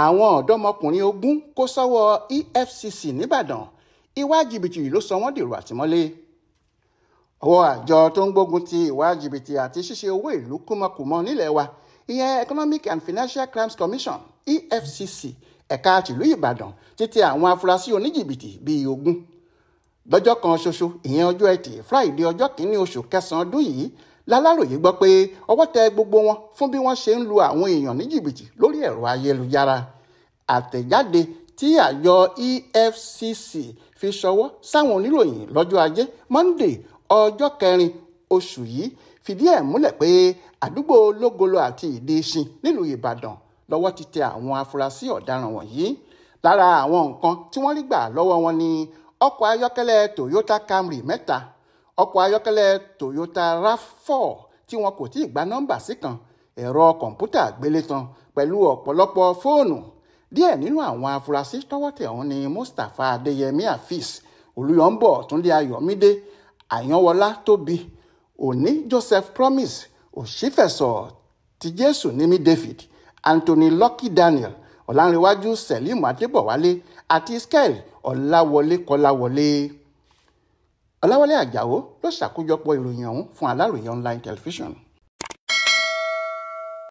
àwọn ọ̀dọ́mọkùnrin ogún kó sọ́wọ́ EFCC nìbàdàn ìwà jìbìtì ló sọ wọ́n dèrò àtìmọ́lé ọwọ́ àjọ tó ń gbógun ti ìwà jìbìtì àti ṣíṣe owó ìlú kúmọkùmọ nílẹ̀ wa ìyẹn Economic and Financial Crimes Commission EFCC ẹ̀ka tìlú Ìbàdàn títí àwọn afurasí oníjìbìtì bíi ogún lọ́jọ́ kan ṣoṣo ìyẹn ọjọ́ ẹtì Friday ọjọ́ kìíní oṣù kẹsàn-án ọdún yìí láláròyé gbọ́ pé ọwọ́ tẹ gbogbo wọn fún bí wọ́n ṣe ń lu àwọn èèyàn ní jìbìtì lórí ẹ̀rọ ayélujára àtẹ̀jáde tí àjọ EFCC fi ṣọwọ́ sáwọn oníròyìn lọ́jọ́ ajé Monday ọjọ́ kẹrin oṣù yìí fìdí ẹ̀ múlẹ̀ pé àdúgbò lógolo àti ìdíṣin nílùú Ìbàdàn lọ́wọ́ ti tẹ àwọn afurasí ọ̀daràn wọ̀nyí lára àwọn nǹkan tí wọ́n rí gbà lọ́wọ́ wọn ni ọkọ̀ ayọ́kẹ́lẹ́ Toyota Camry mẹ́ta ọkọ̀ ayọ́kẹ́lẹ́ Toyota RAV4 tí wọn kò tí ì gba nọ́mbà sí kan ẹ̀rọ kọ̀ǹpútà gbélétan pẹ̀lú ọ̀pọ̀lọpọ̀ fóònù díẹ̀ nínú àwọn afurasí tọ́wọ́ tẹ̀ wọ́n ni Mustapha Adéyẹmí Afeez Olúyọ̀ǹbọ̀ Túndé Ayọ̀mídé Àyànwọlá Tóbi Òní Joseph Promise Òṣìfẹ̀sọ ti Jésù Nímí David Anthony Lucky Daniel Ọ̀làǹrẹ̀wájú Selim Adébọ̀wálé àti Iskel Ọ̀làwọlé Kọ́láwọlé ọ̀làwálé àjàó ló ṣàkójọpọ̀ ìròyìn ọ̀hún fún aláròye online television.